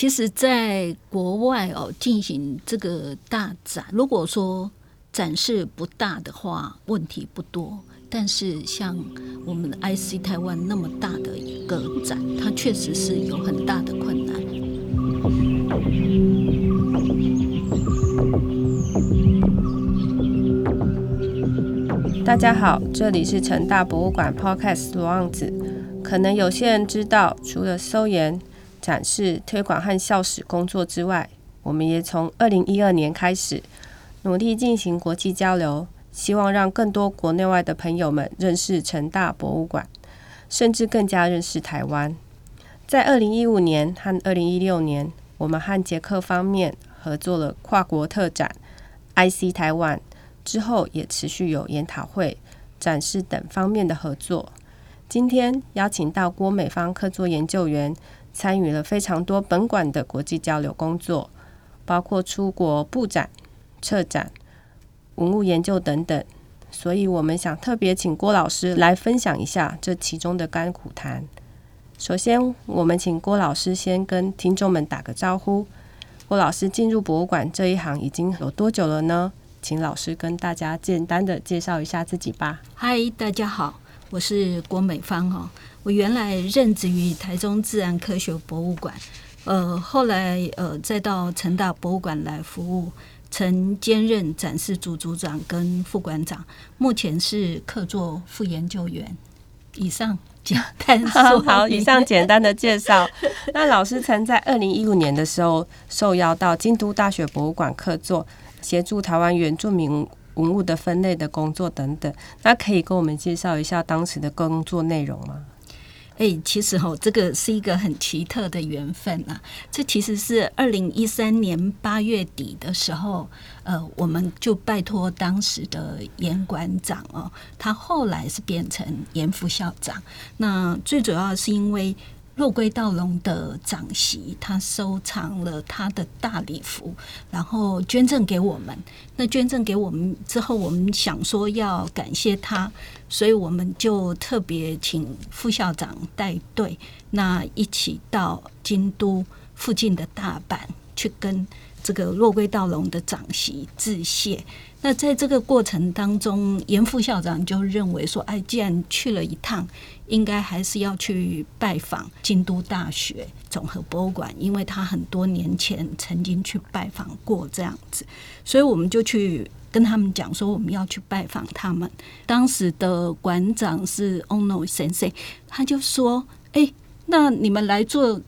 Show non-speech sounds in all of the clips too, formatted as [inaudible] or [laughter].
其實，在國外哦進行這個大展，如果說展示不大的話，問題不多。但是，像我們 IC 台灣那麼大的一個展，它確實是有很大的困難。大家好，這裡是成大博物館 Podcast 羅望子。可能有些人知道，除了收研。展示、推廣和校史工作之外，我們也從二零一二年開始努力進行國際交流，希望讓更多國內外的朋友們認識成大博物館，甚至更加認識台灣。在二零一五年和二零一六年，我們和捷克方面合作了跨國特展《IC 台灣》，之後也持續有研討會、展示等方面的合作。今天邀請到郭美芳客座研究員。參與了非常多本館的國際交流工作，包括出國布展、策展、文物研究等等。所以，我們想特別請郭老師來分享一下這其中的甘苦談。首先，我們請郭老師先跟聽眾們打個招呼。郭老師進入博物館這一行已經有多久了呢？請老師跟大家簡單的介紹一下自己吧。嗨，大家好，我是郭美芳哦。我原來任職於台中自然科學博物館，呃，後來呃再到成大博物館來服務，曾兼任展示組,組組長跟副館長，目前是客座副研究員。以上簡單說好好，以上簡單的介紹。 [laughs] 那老師曾在二零一五年的時候受邀到京都大學博物館客座，協助台灣原住民文物的分類的工作等等。那可以跟我們介紹一下當時的工作內容嗎？哎、欸，其實吼、哦，這個是一個很奇特的緣分吶、啊。這其實是二零一三年八月底的時候，呃，我們就拜托當時的嚴館長哦，他後來是變成嚴副校長。那最主要是因為。若龜道隆的長媳，他收藏了他的大禮服，然後捐贈給我們。那捐贈給我們之後，我們想說要感謝他，所以我們就特別請副校長帶隊，那一起到京都附近的大阪去跟這個若龜道隆的長媳致謝。那在這個過程當中，嚴副校長就認為說：“哎，既然去了一趟。”應該還是要去拜訪京都大學總合博物館，因為他很多年前曾經去拜訪過，這樣子，所以我們就去跟他們講說我們要去拜訪他們。當時的館長是 ONO 先生，他就說：“哎、欸，那你們來做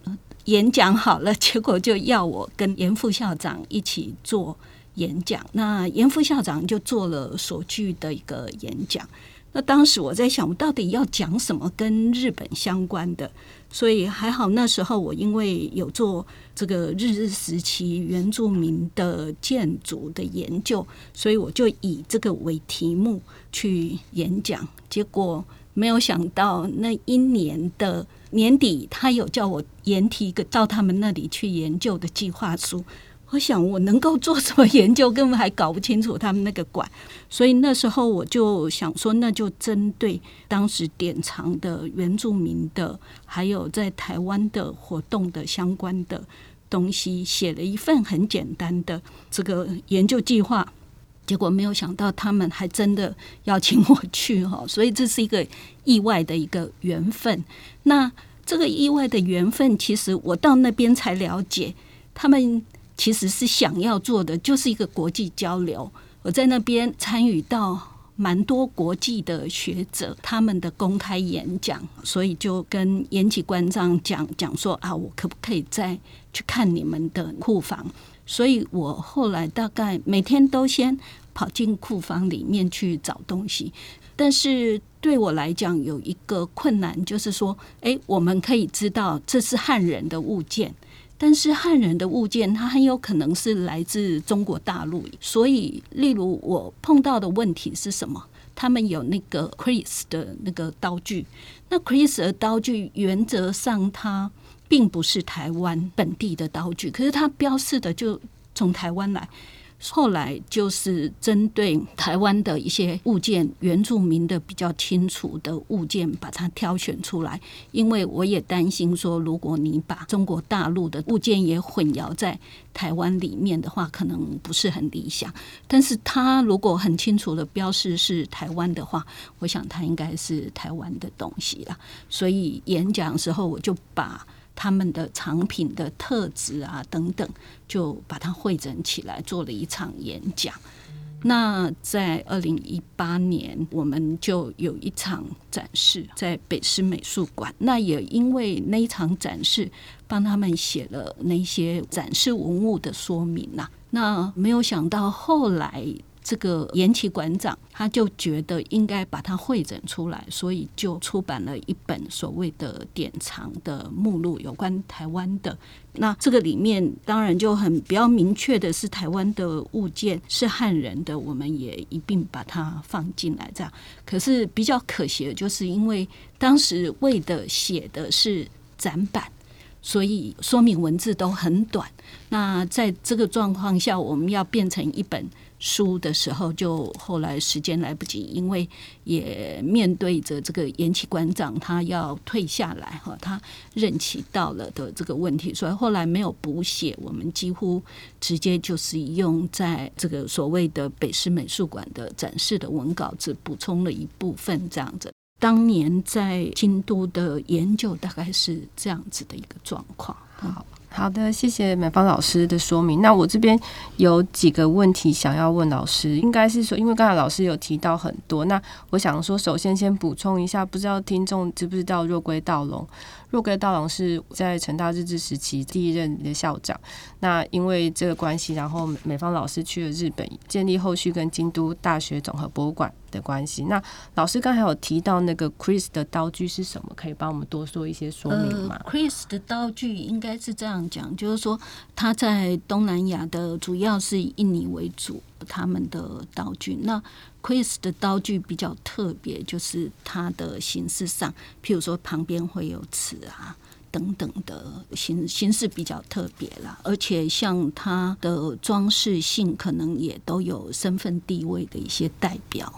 演講好了。”結果就要我跟嚴副校長一起做演講。那嚴副校長就做了所具的一個演講。那當時我在想，我到底要講什麼跟日本相關的？所以還好那時候我因為有做這個日日時期原住民的建築的研究，所以我就以這個為題目去演講。結果沒有想到那一年的年底，他有叫我研提一個到他們那裡去研究的計劃書。我想我能夠做什麼研究，根本還搞不清楚他們那個館，所以那時候我就想說，那就針對當時典藏的原住民的，還有在台灣的活動的相關的東西，寫了一份很簡單的這個研究計劃。結果沒有想到，他們還真的邀請我去哈，所以這是一個意外的一個緣分。那這個意外的緣分，其實我到那邊才了解他們。其實是想要做的，就是一個國際交流。我在那邊參與到蠻多國際的學者他們的公開演講，所以就跟延禧官長講講說啊，我可不可以再去看你們的庫房？所以我後來大概每天都先跑進庫房裡面去找東西。但是對我來講，有一個困難就是說，哎，我們可以知道這是漢人的物件。但是漢人的物件，它很有可能是來自中國大陸。所以，例如我碰到的問題是什麼？他們有那個 Kris 的那個刀具，那 Kris 的刀具原則上它並不是台灣本地的刀具，可是它標示的就從台灣來。後來就是針對台灣的一些物件，原住民的比較清楚的物件，把它挑選出來。因為我也擔心說，如果你把中國大陸的物件也混淆在台灣裡面的話，可能不是很理想。但是他如果很清楚的標示是台灣的話，我想他應該是台灣的東西啦。所以演講的時候我就把。他們的藏品的特質啊等等，就把它彙整起來，做了一場演講。那在二零一八年，我們就有一場展示在北師美術館。那也因為那一場展示，幫他們寫了那些展示文物的說明吶啊。那沒有想到後來。這個嚴琦館長，他就覺得應該把它彙整出來，所以就出版了一本所謂的典藏的目錄，有關台灣的。那這個裡面當然就很比較明確的是，台灣的物件是漢人的，我們也一併把它放進來。這樣，可是比較可惜的，就是因為當時為的寫的是展板，所以說明文字都很短。那在這個狀況下，我們要變成一本。書的時候就後來時間來不及，因為也面對着這個岩崎館長他要退下來哈，他任期到了的這個問題，所以後來沒有補寫，我們幾乎直接就是用在這個所謂的北師美術館的展示的文稿，只補充了一部分這樣子。當年在京都的研究大概是這樣子的一個狀況。好。好的，謝謝美芳老師的說明。那我這邊有幾個問題想要問老師，應該是說，因為剛才老師有提到很多，那我想說，首先先補充一下，不知道聽眾知不知道若槻道隆？若槻道隆是在成大日治時期第一任的校長。那因為這個關係，然後美芳老師去了日本，建立後續跟京都大學總合博物館。的關係。那老師剛才有提到那個 Chris 的刀具是什麼？可以幫我們多說一些說明嗎？呃，Chris 的刀具應該是這樣講，就是說他在東南亞的主要是以印尼為主，他們的刀具。那 Chris 的刀具比較特別，就是它的形式上，譬如說旁邊會有齒啊等等的形，形式比較特別啦，而且像它的裝飾性，可能也都有身份地位的一些代表。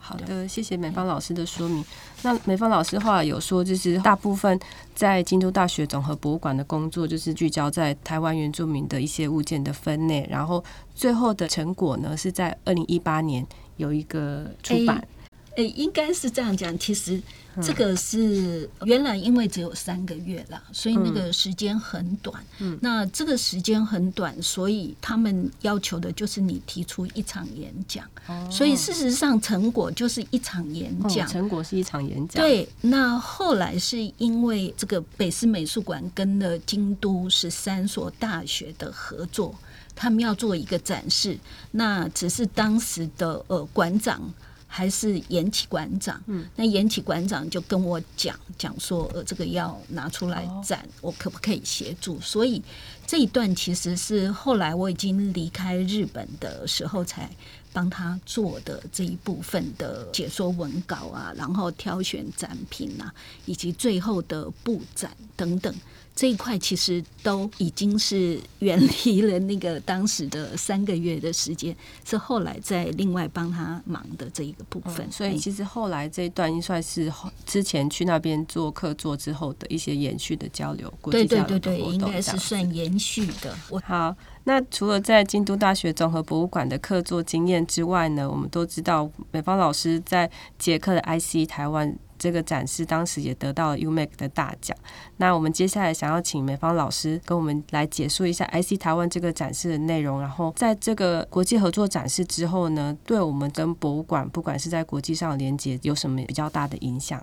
好的，謝謝美芳老師的說明。那美芳老師話有說，就是大部分在京都大學綜合博物館的工作，就是聚焦在台灣原住民的一些物件的分類，然後最後的成果呢，是在二零一八年有一個出版。誒、欸，應該是這樣講。其實這個是原來因為只有三個月啦，嗯、所以那個時間很短。嗯，那這個時間很短，所以他們要求的就是你提出一場演講。哦、所以事實上成果就是一場演講、哦。成果是一場演講。對，那後來是因為這個北師美術館跟了京都，十三所大學的合作，他們要做一個展示。那只是當時的呃館長。還是岩崎館長，嗯，那岩崎館長就跟我講講說，呃，這個要拿出來展，我可不可以協助？所以這一段其實是後來我已經離開日本的時候才。幫他做的這一部分的解說文稿啊，然後挑選展品啊，以及最後的布展等等這一塊，其實都已經是遠離了那個當時的三個月的時間，是後來再另外幫他忙的這一個部分，嗯。所以其實後來這一段應算是之前去那邊做客座之後的一些延續的交流。對對對對，應該是算延續的。我好。那除了在京都大學綜合博物館的客座經驗之外呢，我們都知道美芳老師在捷克的 IC 台灣這個展示當時也得到了 UMAC 的大獎。那我們接下來想要請美芳老師跟我們來解說一下 IC 台灣這個展示的內容，然後在這個國際合作展示之後呢，對我們跟博物館，不管是在國際上的連接有什麼比較大的影響？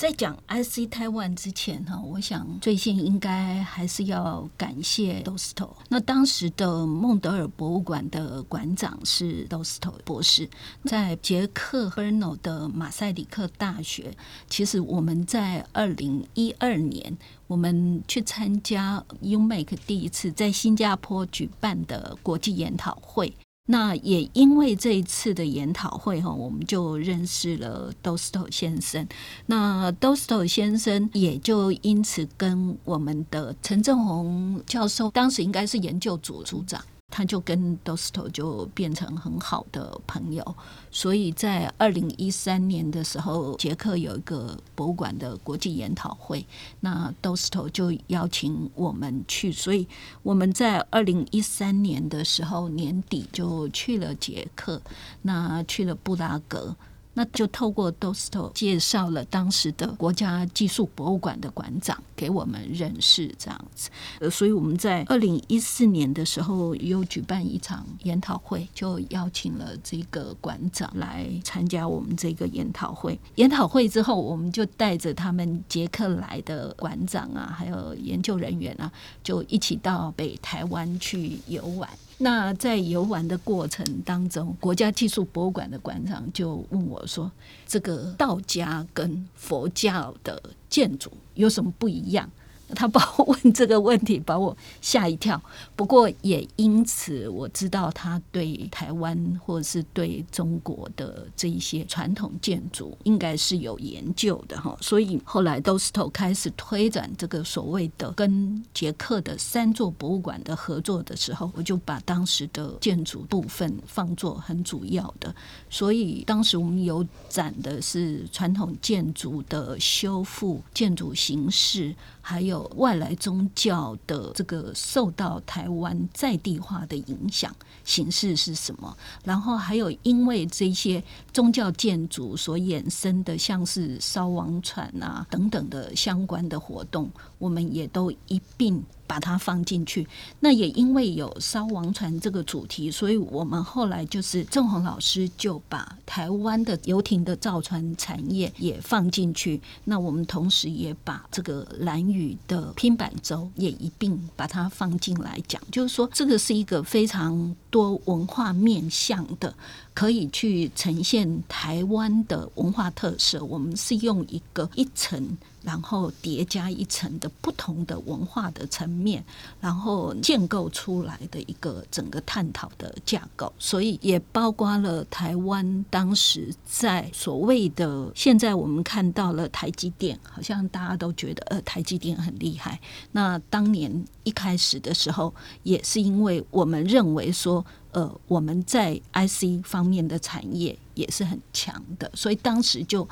在講 IC 台灣之前，我想最先應該還是要感謝 Dosto。那當時的孟德爾博物館的館長是 Dosto 博士，在捷克布爾諾的馬賽里克大學。其實我們在二零一二年，我們去參加 Umake 第一次在新加坡舉辦的國際研討會。那也因為這一次的研討會哈，我們就認識了 Dosto 先生。那 Dosto 先生也就因此跟我們的陳正宏教授，當時應該是研究組組長。他就跟 Dosto 就變成很好的朋友，所以在二零一三年的時候，捷克有一個博物館的國際研討會，那 Dosto 就邀請我們去，所以我們在二零一三年的時候年底就去了捷克，那去了布拉格。那就透過 Dosto 介紹了當時的國家技術博物館的館長給我們認識這樣子，呃，所以我們在二零一四年的時候又舉辦一場研討會，就邀請了這個館長來參加我們這個研討會。研討會之後，我們就帶着他們捷克來的館長啊，還有研究人員啊，就一起到北台灣去遊玩。那在遊玩的過程當中，國家技術博物館的館長就問我說：“這個道家跟佛教的建築有什麼不一樣？”他把我問這個問題，把我嚇一跳。不過也因此，我知道他對台灣或者是對中國的這一些傳統建築應該是有研究的哈。所以後來都 o 頭開始推展這個所謂的跟捷克的三座博物館的合作的時候，我就把當時的建築部分放作很主要的。所以當時我們有展的是傳統建築的修復、建築形式，還有。外來宗教的這個受到台灣在地化的影響，形式是什麼？然後還有，因為這些宗教建築所衍生的，像是燒王船啊等等的相關的活動，我們也都一併。把它放進去，那也因為有燒王船這個主題，所以我們後來就是鄭紅老師就把台灣的遊艇的造船產業也放進去。那我們同時也把這個蘭嶼的拼板舟也一併把它放進來講，就是說這個是一個非常多文化面向的，可以去呈現台灣的文化特色。我們是用一個一層。然後疊加一層的不同的文化的層面，然後建構出來的一個整個探討的架構，所以也包括了台灣當時在所謂的現在我們看到了台積電，好像大家都覺得呃台積電很厲害。那當年一開始的時候，也是因為我們認為說，呃我們在 IC 方面的產業也是很強的，所以當時就。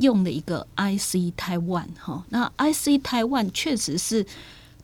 用了一個 IC 台灣。哈，那 IC 台灣確實是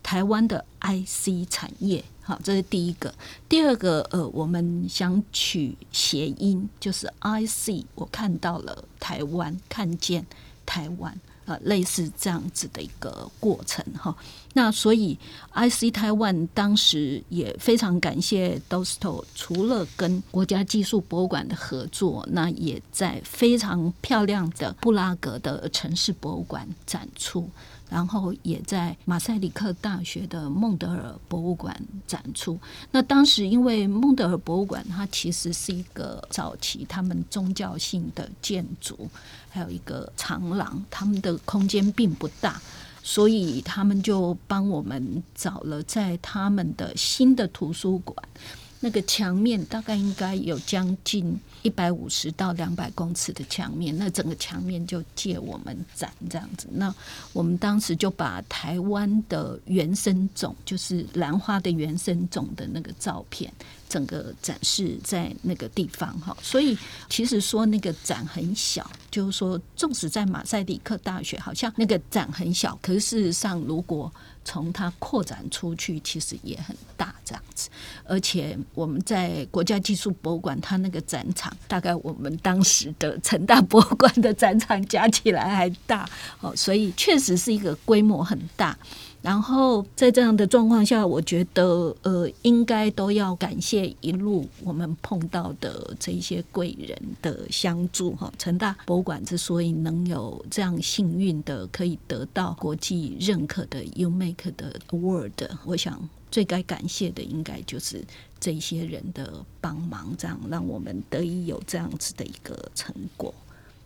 台灣的 IC 產業，好，這是第一個。第二個呃，我們想取諧音，就是 IC，我看到了台灣，看見台灣，呃，類似這樣子的一個過程哈。那所以，IC Taiwan 當時也非常感謝 Dosto 除了跟國家技術博物館的合作，那也在非常漂亮的布拉格的城市博物館展出，然後也在馬薩裡克大學的孟德爾博物館展出。那當時因為孟德爾博物館它其實是一個早期他們宗教性的建築，還有一個長廊，他們的空間並不大。所以他們就幫我們找了在他們的新的圖書館。那個牆面大概應該有將近一百五十到兩百公尺的牆面，那整個牆面就借我們展這樣子。那我們當時就把台灣的原生種，就是蘭花的原生種的那個照片，整個展示在那個地方哈。所以其實說那個展很小，就是說，縱使在馬薩里克大學，好像那個展很小，可是事實上如果。從它擴展出去，其實也很大這樣子。而且我們在國家技術博物館，它那個展場大概我們當時的成大博物館的展場加起來還大哦，所以確實是一個規模很大。然後在這樣的狀況下，我覺得呃，應該都要感謝一路我們碰到的這些貴人的相助哈。成大博物館之所以能有這樣幸運的可以得到國際認可的 UMAC 的 Award，我想最該感謝的應該就是這些人的幫忙，這樣讓我們得以有這樣子的一個成果。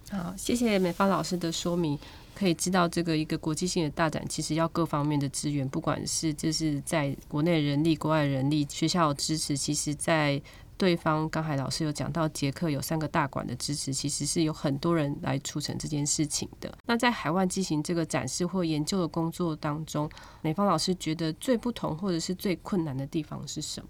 好，謝謝美芳老師的說明。可以知道這個一個國際性的大展，其實要各方面的資源，不管是這是在國內人力、國外人力、學校的支持。其實，在對方剛才老師有講到，捷克有三個大館的支持，其實是有很多人來促成這件事情的。那在海外進行這個展示或研究的工作當中，美芳老師覺得最不同或者是最困難的地方是什麼？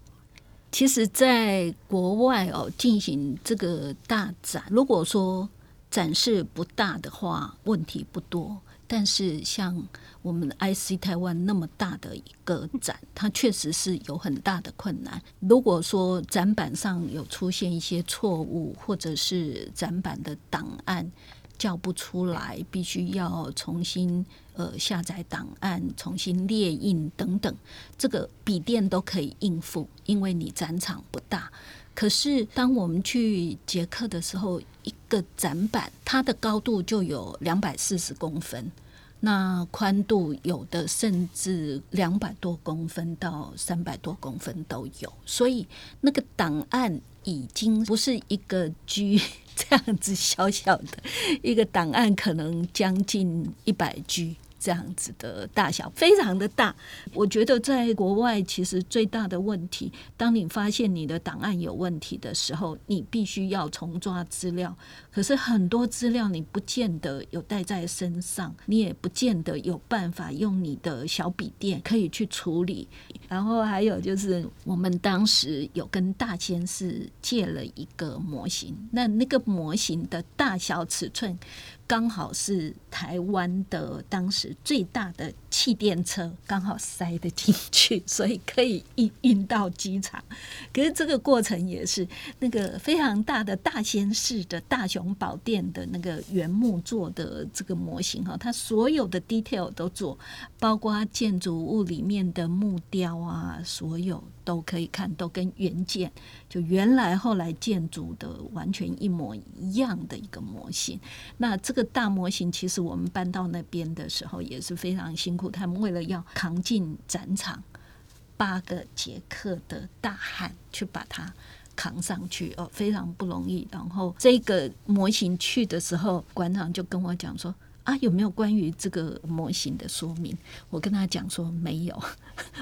其實，在國外哦進行這個大展，如果說，展示不大的話，問題不多；但是像我們 IC Taiwan 那麼大的一個展，它確實是有很大的困難。如果說展板上有出現一些錯誤，或者是展板的檔案叫不出來，必須要重新呃下載檔案、重新列印等等，這個筆電都可以應付，因為你展場不大。可是，當我們去捷克的時候，一個展板，它的高度就有兩百四十公分，那寬度有的甚至兩百多公分到三百多公分都有，所以那個檔案已經不是一個 G 這樣子小小的，一個檔案可能將近一百 G。這樣子的大小非常的大，我覺得在國外其實最大的問題，當你發現你的檔案有問題的時候，你必須要重抓資料。可是很多資料你不見得有帶在身上，你也不見得有辦法用你的小筆電可以去處理。然後還有就是，我們當時有跟大仙寺借了一個模型，那那個模型的大小尺寸，剛好是台灣的當時最大的。氣墊車剛好塞得進去，所以可以運運到機場。可是這個過程也是那個非常大的大仙寺的大雄寶殿的那個原木做的這個模型哈，它所有的 detail 都做，包括建築物裡面的木雕啊，所有都可以看，都跟原件就原來後來建築的完全一模一樣的一個模型。那這個大模型其實我們搬到那邊的時候也是非常辛苦。他們為了要扛進展場，八個捷克的大漢去把它扛上去，哦，非常不容易。然後這個模型去的時候，館長就跟我講說：“啊，有沒有關於這個模型的說明？”我跟他講說：“沒有。”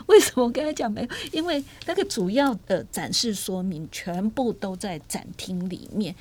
為什麼我跟他講沒有？因為那個主要的展示說明全部都在展廳裡面。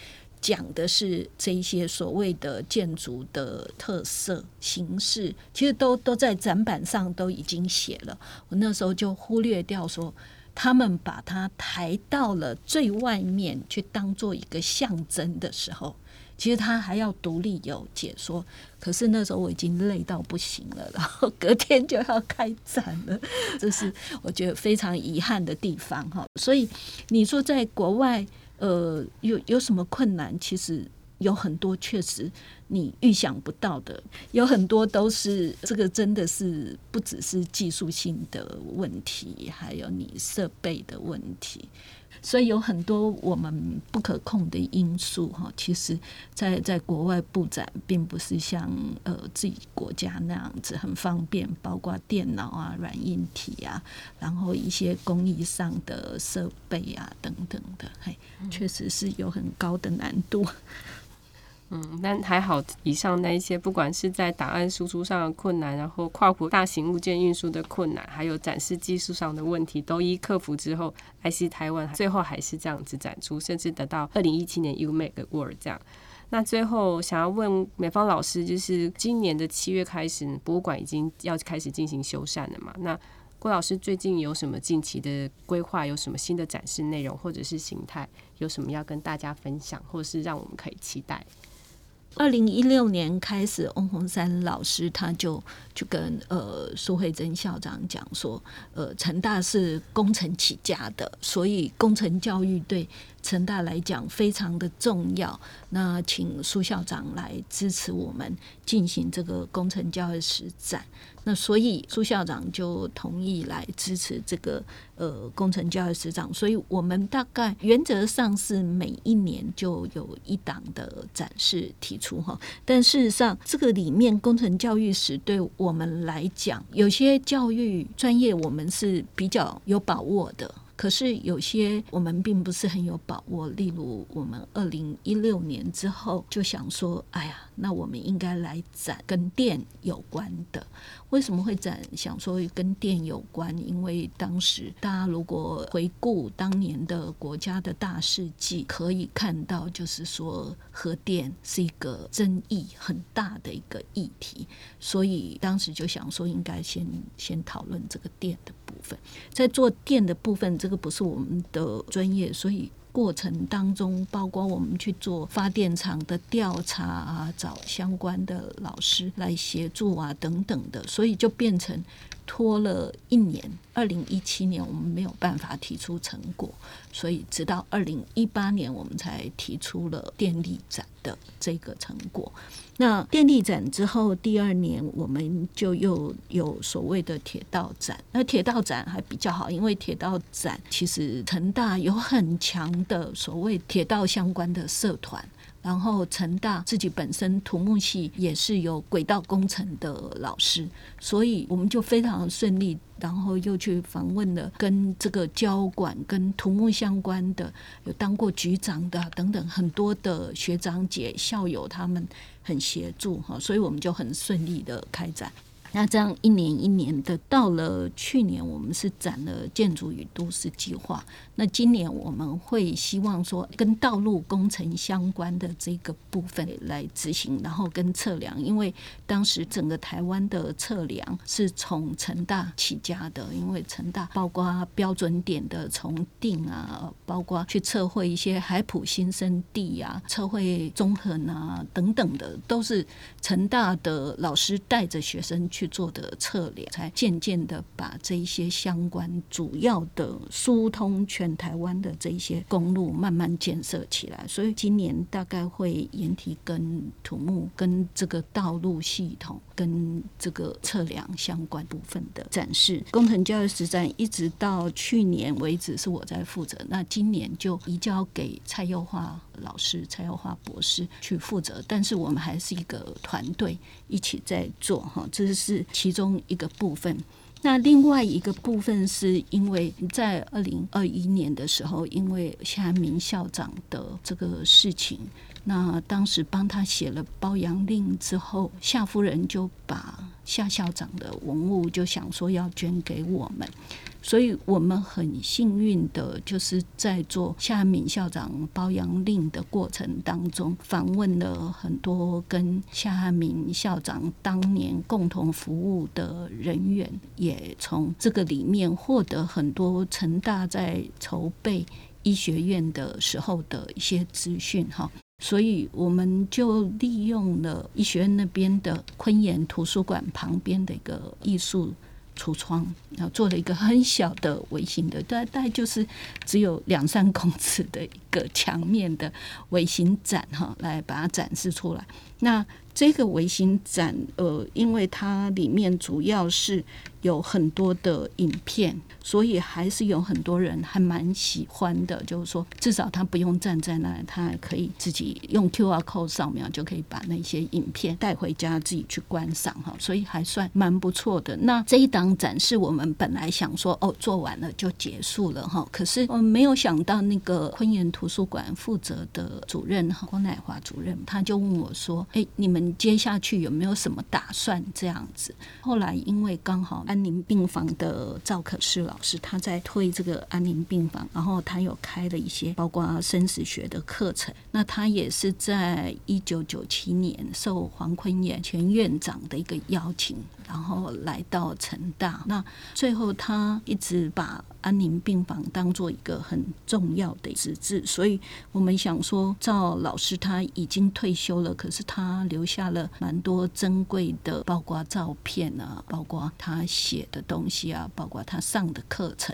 講的是這些所謂的建築的特色形式，其實都都在展板上都已經寫了。我那時候就忽略掉說，他們把它抬到了最外面去當做一個象徵的時候，其實他還要獨立有解說。可是那時候我已經累到不行了，然後隔天就要開展了，這是我覺得非常遺憾的地方哈。所以你說在國外。呃，有有什麼困難？其實有很多，確實你預想不到的，有很多都是這個，真的是不只是技術性的問題，還有你設備的問題。所以有很多我們不可控的因素，哈，其實在在國外布展，並不是像呃自己國家那樣子很方便，包括電腦啊、軟硬體啊，然後一些工藝上的設備啊等等的，嘿，確實是有很高的難度。嗯，但還好，以上那一些，不管是在檔案輸出上的困難，然後跨國大型物件運輸的困難，還有展示技術上的問題，都一克服之後，IC Taiwan 最後還是這樣子展出，甚至得到二零一七年 U、UM、Make World 這樣。那最後想要問美芳老師，就是今年的七月開始，博物館已經要開始進行修繕了嘛？那郭老師最近有什麼近期的規劃？有什麼新的展示內容或者是形態？有什麼要跟大家分享，或是讓我們可以期待？二零一六年開始，翁鴻山老師他就就跟呃蘇慧貞校長講說，呃，成大是工程起家的，所以工程教育對成大來講非常的重要，那請蘇校長來支持我們進行這個工程教育史展。那所以蘇校長就同意來支持這個呃工程教育史展。所以我們大概原則上是每一年就有一檔的展示提出哈，但事實上這個裡面工程教育史對我們來講，有些教育專業我們是比較有把握的。可是有些我們並不是很有把握，例如我們二零一六年之後就想說，哎呀，那我們應該來展跟電有關的。為什麼會展？想說跟電有關，因為當時大家如果回顧當年的國家的大事記，可以看到，就是說核電是一個爭議很大的一個議題，所以當時就想說，應該先先討論這個電的部分在做電的部分，這個不是我們的專業，所以過程當中，包括我們去做發電廠的調查啊，找相關的老師來協助啊，等等的，所以就變成。拖了一年，二零一七年我們沒有辦法提出成果，所以直到二零一八年我們才提出了電力展的這個成果。那電力展之後，第二年我們就又有所謂的鐵道展。那鐵道展還比較好，因為鐵道展其實成大有很強的所謂鐵道相關的社團。然後，成大自己本身土木系也是有軌道工程的老師，所以我們就非常順利，然後又去訪問了跟這個交管、跟土木相關的有當過局長的等等很多的學長姐校友，他們很協助哈，所以我們就很順利的開展。那這樣一年一年的，到了去年，我們是展了建築與都市計劃。那今年我們會希望說，跟道路工程相關的這個部分來執行，然後跟測量，因為當時整個台灣的測量是從成大起家的，因為成大包括標準點的重定啊，包括去測繪一些海埔新生地啊、測繪中橫啊等等的，都是成大的老師帶着學生去。去做的測量，才漸漸的把這一些相關主要的疏通全台灣的這一些公路慢慢建設起來。所以今年大概會研提跟土木、跟這個道路系統、跟這個測量相關部分的展示。工程教育史展一直到去年為止是我在負責，那今年就移交給蔡侑樺老師、蔡侑樺博士去負責。但是我們還是一個團隊一起在做哈，這是。是其中一個部分，那另外一個部分是因為在二零二一年的時候，因為夏明校長的這個事情，那當時幫他寫了褒揚令之後，夏夫人就把夏校長的文物就想說要捐給我們。所以我們很幸運的，就是在做夏漢民校長褒揚令的過程當中，訪問了很多跟夏漢民校長當年共同服務的人員，也從這個裡面獲得很多成大在籌備醫學院的時候的一些資訊哈。所以我們就利用了醫學院那邊的崑巖圖書館旁邊的一個藝術。櫥窗，然後做了一個很小的微型的，大概就是只有兩三公尺的一個牆面的微型展哈，來把它展示出來。那這個微型展，呃，因為它裡面主要是。有很多的影片，所以還是有很多人還蠻喜歡的。就是說，至少他不用站在那裡，他還可以自己用 QR code 掃描，就可以把那些影片帶回家自己去觀賞哈。所以還算蠻不錯的。那這一檔展示我們本來想說哦，做完了就結束了哈。可是我沒有想到那個昆岩圖書館負責的主任哈郭乃華主任，他就問我說：“哎、欸，你們接下去有沒有什麼打算？”這樣子。後來因為剛好。安寧病房的趙可式老師，他在推這個安寧病房，然後他有開了一些包括生死學的課程。那他也是在一九九七年受黃崑巖前院長的一個邀請，然後來到成大。那最後他一直把安寧病房當做一個很重要的職志。所以我們想說，趙老師他已經退休了，可是他留下了蠻多珍貴的，包括照片啊，包括他。寫的東西啊，包括他上的課程，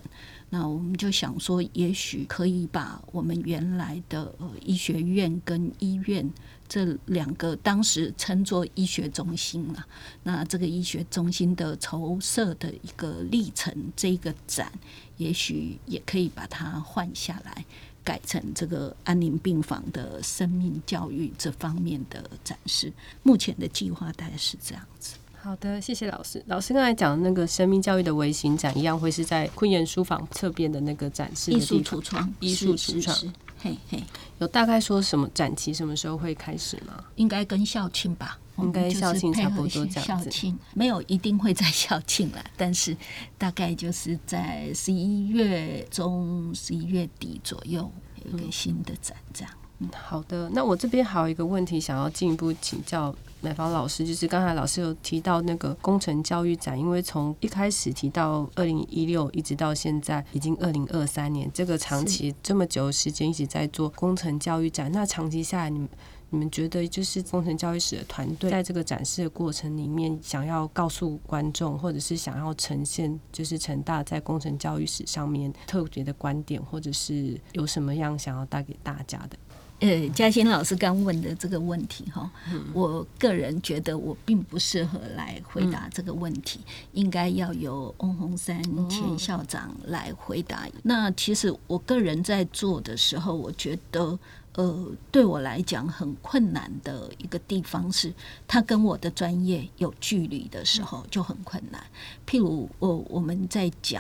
那我們就想說，也許可以把我們原來的醫學院跟醫院這兩個當時稱作醫學中心嘛，啊，那這個醫學中心的籌設的一個歷程，這個展，也許也可以把它換下來，改成這個安寧病房的生命教育這方面的展示。目前的計劃大概是這樣子。好的，謝謝老師。老師剛才講的那個生命教育的微型展，一樣會是在坤元書房側邊的那個展示藝術櫥窗，藝術櫥窗，嘿嘿。是是是有大概說什麼展期什麼時候會開始嗎？應該跟校慶吧，應該校慶差不多這樣子、嗯就是校慶。沒有一定會在校慶啦，但是大概就是在十一月中、十一月底左右有一個新的展展。嗯，好的。那我這邊還有一個問題，想要進一步請教。美芳老師，就是剛才老師有提到那個工程教育展，因為從一開始提到二零一六一直到現在，已經二零二三年，這個長期這麼久的時間一直在做工程教育展。是那長期下來，你們你們覺得就是工程教育史的團隊在這個展示的過程裡面，想要告訴觀眾，或者是想要呈現，就是成大在工程教育史上面特別的觀點，或者是有什麼樣想要帶給大家的？呃，佳欣、欸、老師剛問的這個問題哈，嗯、我個人覺得我並不適合來回答這個問題，嗯、應該要由翁洪山前校長來回答。哦、那其實我個人在做的時候，我覺得呃，對我來講很困難的一個地方是，他跟我的專業有距離的時候就很困難。嗯、譬如我我們在講。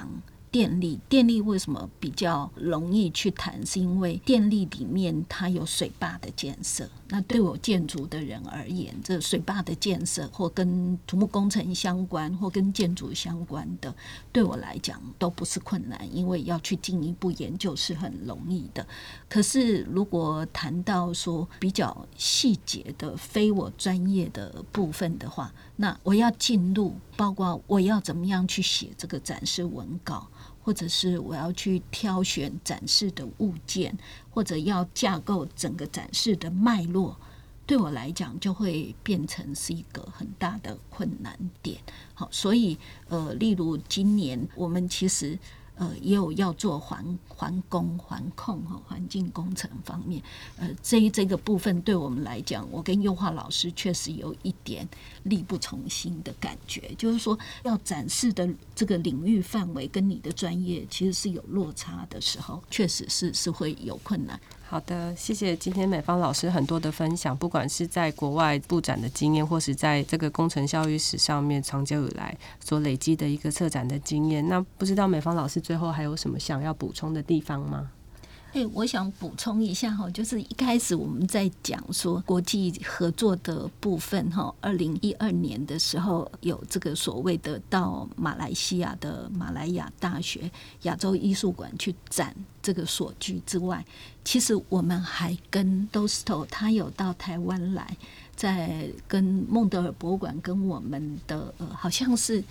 電力，電力為什麼比較容易去談？是因為電力裡面它有水壩的建設。那對我建築的人而言，這水壩的建設或跟土木工程相關，或跟建築相關的，對我來講都不是困難，因為要去進一步研究是很容易的。可是如果談到說比較細節的非我專業的部分的話，那我要進入，包括我要怎麼樣去寫這個展示文稿，或者是我要去挑選展示的物件，或者要架構整個展示的脈絡，對我來講就會變成是一個很大的困難點。好，所以呃，例如今年我們其實。呃，也有要做環環工、環控和喔、環境工程方面，呃，這一這個部分對我們來講，我跟優化老師確實有一點力不從心的感覺，就是說要展示的這個領域範圍跟你的專業其實是有落差的時候，確實是是會有困難。好的，謝謝今天美芳老師很多的分享，不管是在國外布展的經驗，或是在這個工程教育史上面長久以來所累積的一個策展的經驗，那不知道美芳老師最後還有什麼想要補充的地方嗎？哎、欸，我想補充一下哈，就是一開始我們在講說國際合作的部分哈，二零一二年的時候有這個所謂的到馬來西亞的馬來亞大學亞洲藝術館去展這個鎖具之外，其實我們還跟都斯特他有到台灣來，在跟孟德爾博物館跟我們的呃，好像是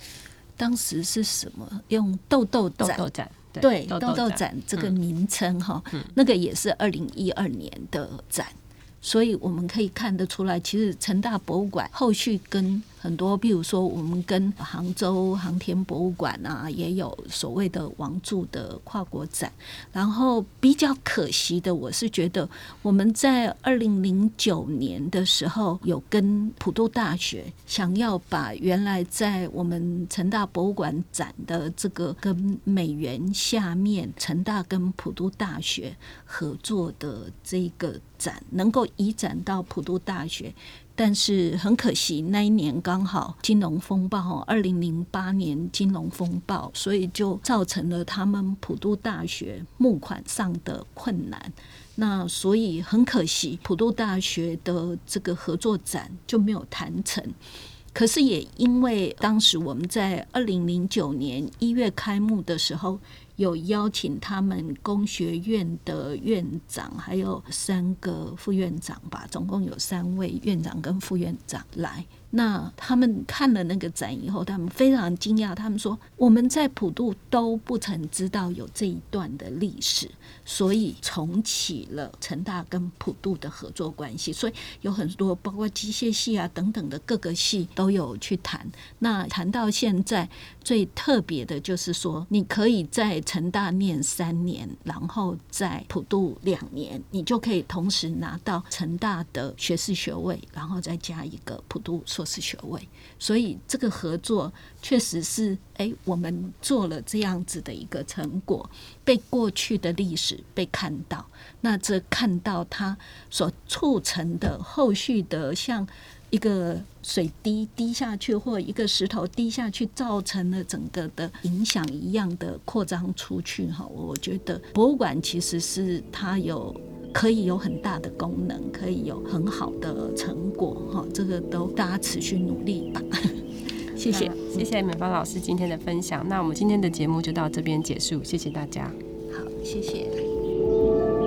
當時是什麼用豆豆豆展。豆豆展。對，道道對展，展這個名稱哈，嗯、那個也是二零一二年的展，嗯、所以我們可以看得出來，其實成大博物館後續跟。很多，比如說我們跟杭州航天博物館啊，也有所謂的王鑄的跨國展。然後比較可惜的，我是覺得我們在二零零九年的時候，有跟普渡大學想要把原來在我們成大博物館展的這個跟美援下面成大跟普渡大學合作的這個展，能夠移展到普渡大學。但是很可惜，那一年剛好金融風暴，二零零八年金融風暴，所以就造成了他們普渡大學募款上的困難。那所以很可惜，普渡大學的這個合作展就沒有談成。可是也因為當時我們在二零零九年一月開幕的時候，有邀請他們工學院的院長，還有三個副院長吧，總共有三位院長跟副院長來。那他們看了那個展以後，他們非常驚訝。他們說，我們在普渡都不曾知道有這一段的歷史，所以重啟了成大跟普渡的合作關係。所以有很多包括機械系啊等等的各個系都有去談。那談到現在最特別的就是說，你可以在成大念三年，然後在普渡兩年，你就可以同時拿到成大的學士學位，然後再加一個普渡碩士學位，所以這個合作確實是，誒、欸，我們做了這樣子的一個成果，被過去的歷史被看到，那這看到它所促成的後續的，像一個水滴滴下去，或一個石頭滴下去，造成了整個的影響一樣的擴張出去。哈，我覺得博物館其實是它有。可以有很大的功能，可以有很好的成果，哈，這個都大家持續努力吧。 [laughs] 謝謝，謝謝美芳老師今天的分享。那我們今天的節目就到這邊結束，謝謝大家。好，謝謝。